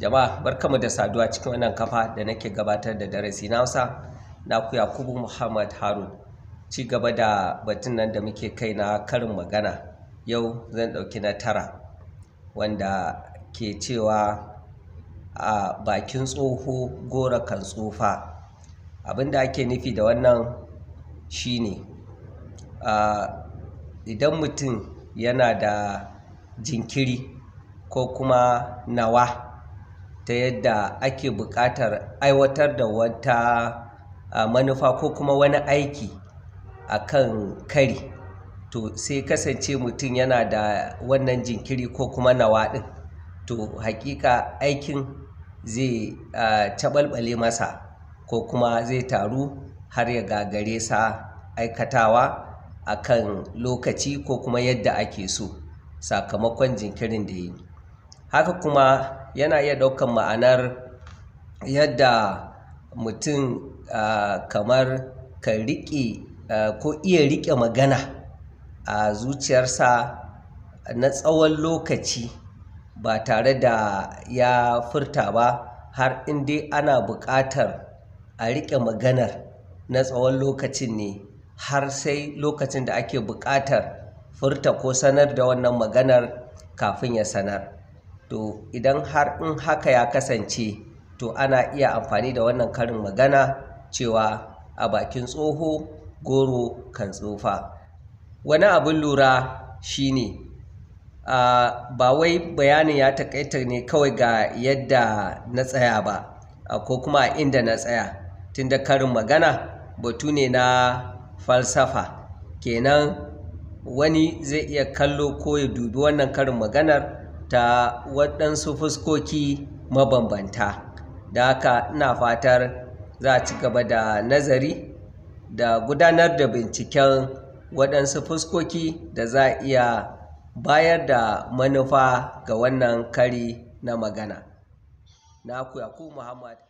jama'a barkamu da saduwa cikin wannan kafa da nake gabatar da darasi na hausa na ku Kubu muhammad harun ci gaba da batun nan da muke kai na karin magana yau zan ɗauki na tara wanda ke cewa a bakin tsoho gora kan tsufa abinda ake nufi da wannan shine idan mutum yana da jinkiri ko kuma nawa ta yadda ake buƙatar aiwatar da wata manufa ko kuma wani aiki a kan kari to sai kasance mutum yana da wannan jinkiri ko kuma nawa ɗin to hakika aikin zai taɓalɓale masa ko kuma zai taru har ya gagare sa aikatawa a kan lokaci ko kuma yadda ake so sakamakon jinkirin da yi haka kuma yana iya ɗaukan ma'anar yadda mutum kamar ka riƙe ko iya riƙe magana a zuciyarsa na tsawon lokaci ba tare da ya furta ba har in dai ana buƙatar a riƙe maganar na tsawon lokacin ne har sai lokacin da ake buƙatar furta ko sanar da wannan maganar kafin ya sanar to idan har in haka ya kasance to ana iya amfani da wannan karin magana cewa a bakin tsoho goro kan tsofa wani abin lura shine uh, ba wai bayanin ya takaita ne kawai ga yadda na tsaya ba uh, ko kuma inda na tsaya tunda karin magana batu ne na falsafa kenan wani zai iya kallo ko ya dubi wannan karin maganar ta waɗansu fuskoki mabambanta da haka ina fatar za a ci gaba da nazari da gudanar da binciken waɗansu fuskoki da za a iya bayar da manufa ga wannan kari na magana na ku Muhammad